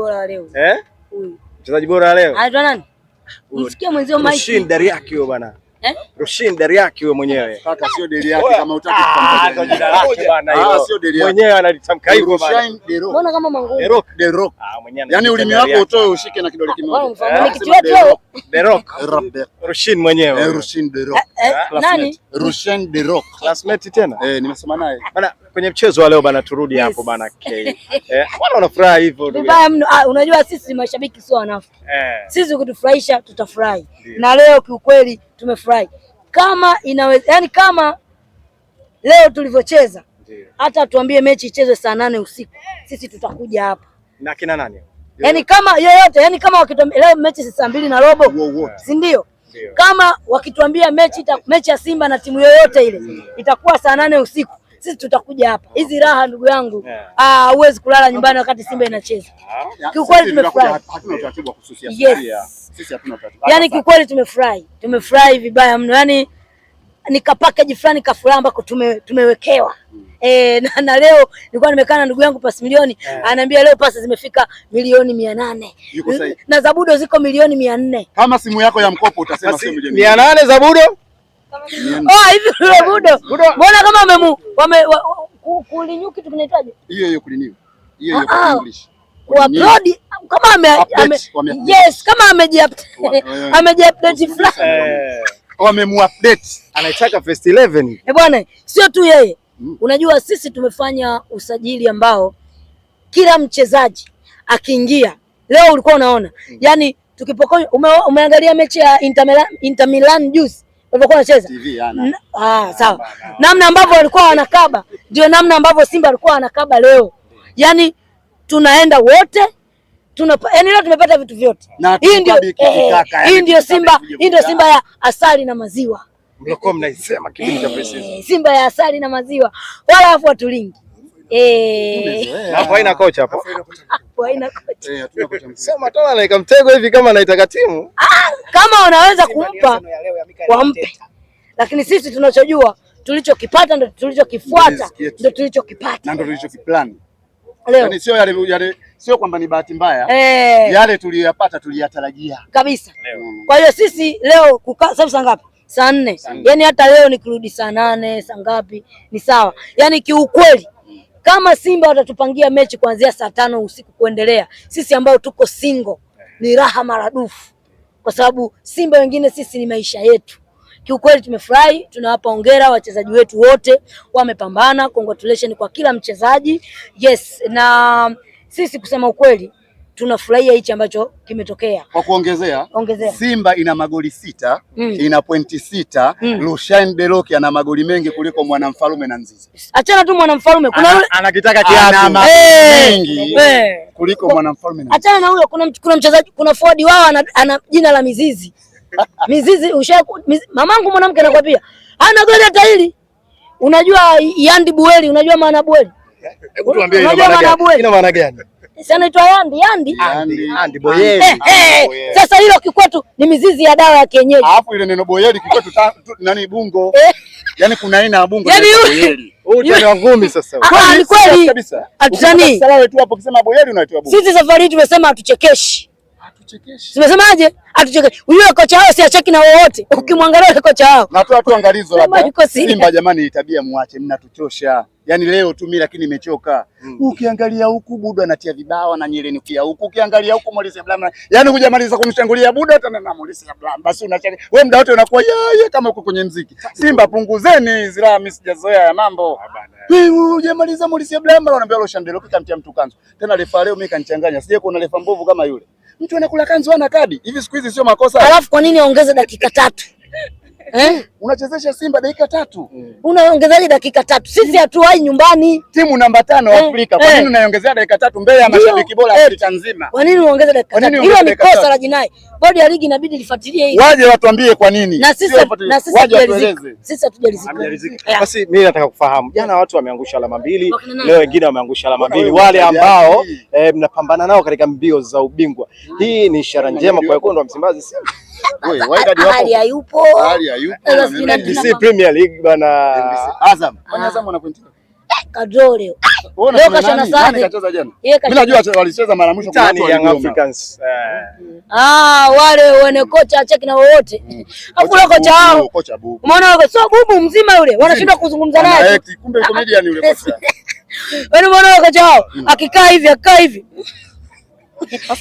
bora leo. Eh? Huyu. Mchezaji bora leo. Anaitwa nani? Msikie mwenzio Mike. Rushin dari yake huyo bwana. Eh? Rushin dari yake huyo mwenyewe. Kaka sio dari yake kama utaki ah, kutamka. jina lake bwana ah, hilo. Ah, sio dari yake. Mwenyewe analitamka hivyo bana. Rushin Dero. Mbona kama mangumu? Dero, Dero. Ah, mwenyewe. Yaani ulimi wako utoe ushike na kidole ah, kimoja. Mimi kichwa tu. Dero. Rushin mwenyewe. Eh, Rushin Dero. Eh, eh, nani? Rushin Dero. Classmate tena? Eh, nimesema naye. Bwana kwenye mchezo wa leo bana, turudi yes. hapo bana eh, wana wanafurahi hivyo vibaya mno. Ah, unajua sisi ni mashabiki sio wanafu eh. Sisi ukitufurahisha tutafurahi na leo kiukweli tumefurahi kama inaweza, yani kama leo tulivyocheza, hata tuambie mechi ichezwe saa nane usiku sisi tutakuja hapa na kina nani yani kama yoyote yani kama wakituambia leo mechi saa mbili na robo yeah. si ndio? Kama wakituambia mechi ita, mechi ya Simba na timu yoyote ile itakuwa saa nane usiku sisi tutakuja hapa. Ah. Hizi raha ndugu yangu, eh. ah, huwezi yeah. kulala nyumbani wakati Simba ah. inacheza yeah. Kiukweli tumefurahi yes. Yani kiukweli tumefurahi, tumefurahi vibaya mno yani nika package fulani kafuraha ambako tume, tumewekewa E, na, na leo nilikuwa nimekaa na ndugu yangu pasi milioni yeah. Anaambia leo pasi zimefika milioni mia nane na zabudo ziko milioni mia nne kama simu yako ya mkopo utasema mia nane zabudo Oh, yaani- yaani- mbona kama wame kulinyu kitu Hiyo hiyo kulinyu. Hiyo hiyo ah, ah. kwa English. kama ame yes, kama ameji update. Ameji update fulani. Eh. Wamemu update. Anaitaka first 11. Eh, bwana, sio tu yeye. Mm. Unajua sisi tumefanya usajili ambao kila mchezaji akiingia leo ulikuwa unaona. Mm. Yaani tukipokonya umeangalia mechi ya Inter Milan, Inter Milan juzi walivyokuwa wanacheza ah, sawa. Namna ambavyo walikuwa wanakaba ndio namna ambavyo Simba alikuwa anakaba leo, yaani tunaenda wote tuna yani leo tumepata vitu vyote. Hii ndio eh, eh yaani hii ndio Simba, hii ndio Simba ya asali na maziwa mlikuwa mnaisema kipindi cha eh, Simba ya asali na maziwa, wala afu watulingi Eh. haina kocha hapo. Eh, Sema tola mtego hivi kama naitaka timu. Ah, kama kumpa wampe, lakini sisi tunachojua tulichokipata ndo tulichokifuata ndo tulichokipata na ndo tulichokiplan leo. Yaani sio yale yale, sio kwamba ni bahati mbaya Eh. Yale tuliyapata tuliyatarajia kabisa leo. Mm. Kwa hiyo sisi leo kukaa sasa saa ngapi? Saa nne. Yani hata leo nikirudi saa nane saa ngapi ni sawa, yani kiukweli kama Simba watatupangia mechi kuanzia saa tano usiku kuendelea, sisi ambao tuko single ni raha maradufu, kwa sababu Simba wengine sisi ni maisha yetu. Kiukweli tumefurahi, tunawapa hongera wachezaji wetu wote, wamepambana. Congratulations kwa kila mchezaji. Yes, na sisi kusema ukweli tunafurahia hichi ambacho kimetokea. Kwa kuongezea, ongezea, Simba ina magoli sita mm. ina pointi sita mm. Lushain Beloki ana magoli mengi kuliko Mwanamfalume na Nzizi. Achana tu Mwanamfalume, kuna ule anakitaka kiatu eh! mengi eh! kuliko Mwanamfalume na achana na huyo. Kuna kuna mchezaji, kuna forward wao ana, ana jina la Mizizi Mizizi usha miz, mamangu mwanamke anakwambia ana goli hata hili. Unajua Yandi Bueli, unajua maana Bueli, Hebu tuambie ina maana gani? si anaitwa yandi yandi, yandi. Eh, eh, boyeli Sasa hilo kikwetu ni mizizi ya dawa ya kienyeji, alafu ile neno boyeli kikwetu nani bungo eh. yaani kuna aina ya bungo yani boyeli ah, ah, ni kweli, hatutani sisi. Safari hii tumesema hatuchekeshi Simesemaje? Atucheke. Yule kocha wao si acheki na wowote. Ukimwangalia yule kocha wao. Na tu watu angalizo labda. Simba jamani, tabia muache, mnatuchosha. Yaani leo tu mimi lakini nimechoka. Mm. Ukiangalia huku Budo anatia vibawa na nyele nukia huku. Ukiangalia huku Molise Blama. Yaani kujamaliza kumshangulia Budo tena na Molise Blama. Basi unachana. Wewe muda wote unakuwa yeye kama huko kwenye mziki. Simba punguzeni zira, la mimi sijazoea ya mambo. Ah, Wewe hujamaliza Molise Blama unaambia lo shandelo kikamtia mtu kanzu. Tena lefa leo mimi kanichanganya. Sije kuona lefa mbovu kama yule mtu anakula kanzu ana kadi hivi, siku hizi sio makosa. Alafu kwa nini aongeze dakika tatu? eh? Unachezesha Simba dakika tatu mm. Unaongezaje dakika tatu? Sisi hatuwai nyumbani, timu namba tano eh, Afrika. Kwa eh. nini eh, unaongezea dakika tatu mbele ya mashabiki bora eh. Afrika nzima? Kwa nini unaongeza dakika tatu? Hilo ni kosa la jinai. Bodi ya ligi inabidi lifuatilie hili, waje watuambie kwa nini, na sisi na sisi tueleze. Sisi hatujarizika. Eh. Basi mimi nataka kufahamu, jana watu wameangusha alama mbili, leo wengine wameangusha alama mbili, wale ambao mnapambana nao katika mbio za ubingwa. Hii ni ishara njema kwa wekundu wa Msimbazi Simba hali hayupo, NBC Premier League bana, ah, Azam ah. ana pointi eh, Kadole walicheza mara mwisho kwa Young Africans. Mm. Ah, wale wene kocha acheki na wote, mm. afu ule kocha wao umeona, so bubu mzima yule, wanashindwa mm. kuzungumza naye, kumbe comedian yule kocha. Wewe yaani umeona kocha wao akikaa hivi akikaa hivi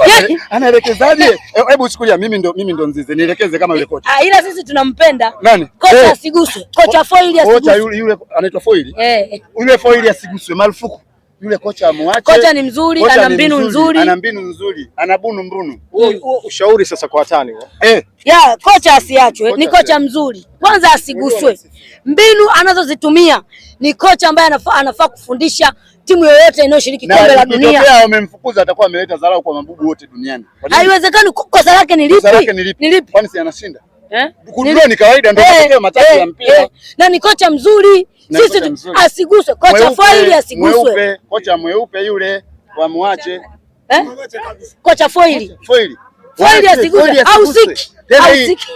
Yaani- anaelekezaje? Eh, hebu chukulia, mimi ndo mimi ndo mzizi, nielekeze kama yule kocha. Ah, ila sisi tunampenda nani? Kocha eh. asiguswe, kocha foili asiguswe. Kocha yule yule anaitwa foili, eh. yule foili asiguswe, marufuku yule kocha amwache. Kocha ni mzuri, ana mbinu nzuri, ana mbinu nzuri, ana bunu mbunu. ushauri sasa kwa watani huo. Eh. Ya, kocha asiachwe, ni kocha mzuri. Kwanza asiguswe. Mbinu anazozitumia ni kocha ambaye anafaa anafaa kufundisha timu yoyote inayoshiriki kombe la dunia. Na wamemfukuza atakuwa ameleta dharau kwa mabubu wote duniani. Haiwezekani. Kosa lake ni lipi? Ni lipi? Ni Kwani si anashinda? Eh? Kujua ni kawaida ndio eh, matokeo matatu ya eh, mpira. Eh. Na ni kocha mzuri. Sisi asiguswe. Kocha foili asiguswe. Kocha mweupe yule wamwache. Eh? Kocha foili. Foili. Foili asiguswe au siki.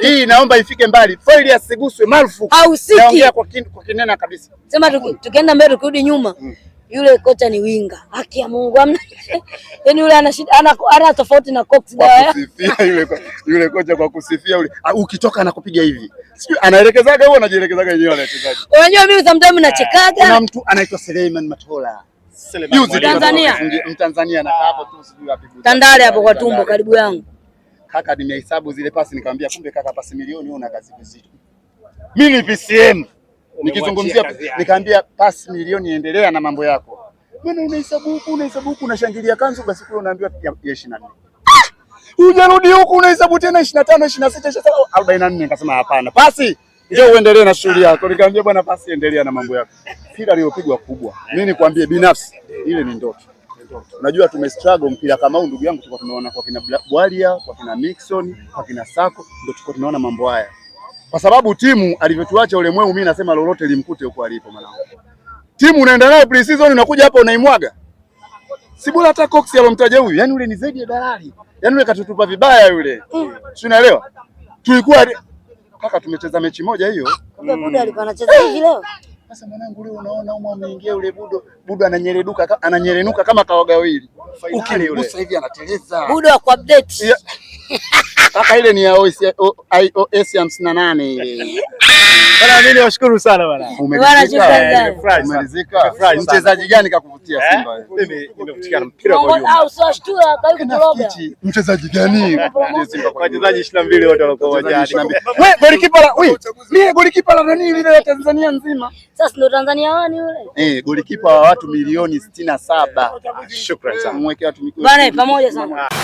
Hii naomba ifike mbali. Foili asiguswe marufuku. Naongea kwa kinena kabisa. Sema tukienda mbele tukirudi nyuma. Mm. Yule kocha ni winga, haki ya Mungu amna. Yani yule ana shida, ana ana tofauti na Cox dawa. Yule yule kocha kwa kusifia yule, ah, ukitoka anakupiga hivi, sio anaelekezaga huo, anajielekezaga yenyewe anachezaji. Unajua mimi sometimes nachekaga. Kuna mtu anaitwa Selemani Matola Tanzania, Mtanzania na hapo tu, sijui wapi, Tandale hapo kwa tumbo, karibu yangu kaka. Nimehesabu zile pasi nikamwambia, kumbe kaka, pasi milioni una kazi nzito. Mimi ni PCM nikizungumzia nikaambia pasi milioni endelea na mambo yako. Mimi unahesabu huku unahesabu huku unashangilia kanzu basi kule unaambiwa ya 24. Unarudi huku unahesabu tena 25 26 47 44 nikasema hapana. Pasi ndio uendelee na shughuli yako. Nikamwambia bwana pasi endelea na mambo yako. Mpira aliyopigwa kubwa. Mimi nikwambie binafsi ile ni ndoto. Unajua tume struggle mpira kama huu ndugu yangu, tulikuwa tunaona kwa kina Bwalia, kwa kina Mixon, kwa kina Sako ndio tulikuwa tunaona mambo haya kwa sababu timu alivyotuacha ule mweu, mimi nasema lolote limkute huko alipo mwanangu. Timu unaenda nayo pre-season unakuja hapa unaimwaga. Si bora hata Cox alomtaja huyu. yani ule ni zaidi ya dalali. yani ule katutupa vibaya yule. Mm. Si unaelewa? Tulikuwa mpaka tumecheza mechi moja hiyo. Kumbe Budo mm. alikuwa anacheza hivi leo. Sasa mwanangu leo unaona umu ameingia yule Budo. Budo ananyereduka ananyerenuka kama kawaga wili. Ukimgusa hivi anateleza. Budo kwa update. Kaka ile ni ya iOS 58 ile. Bwana mimi niwashukuru sana bwana. Umeridhika? Mchezaji gani kakuvutia eh? Simba? Mchezaji gani? Wachezaji 22 wote walikuwa uwanjani. Wewe golikipa la wewe. Mimi golikipa la nani ile ya Tanzania nzima? Sasa ndio Tanzania wani yule? Eh, golikipa wa watu milioni 67. Shukrani sana. Mweke watu milioni. Bwana pamoja sana.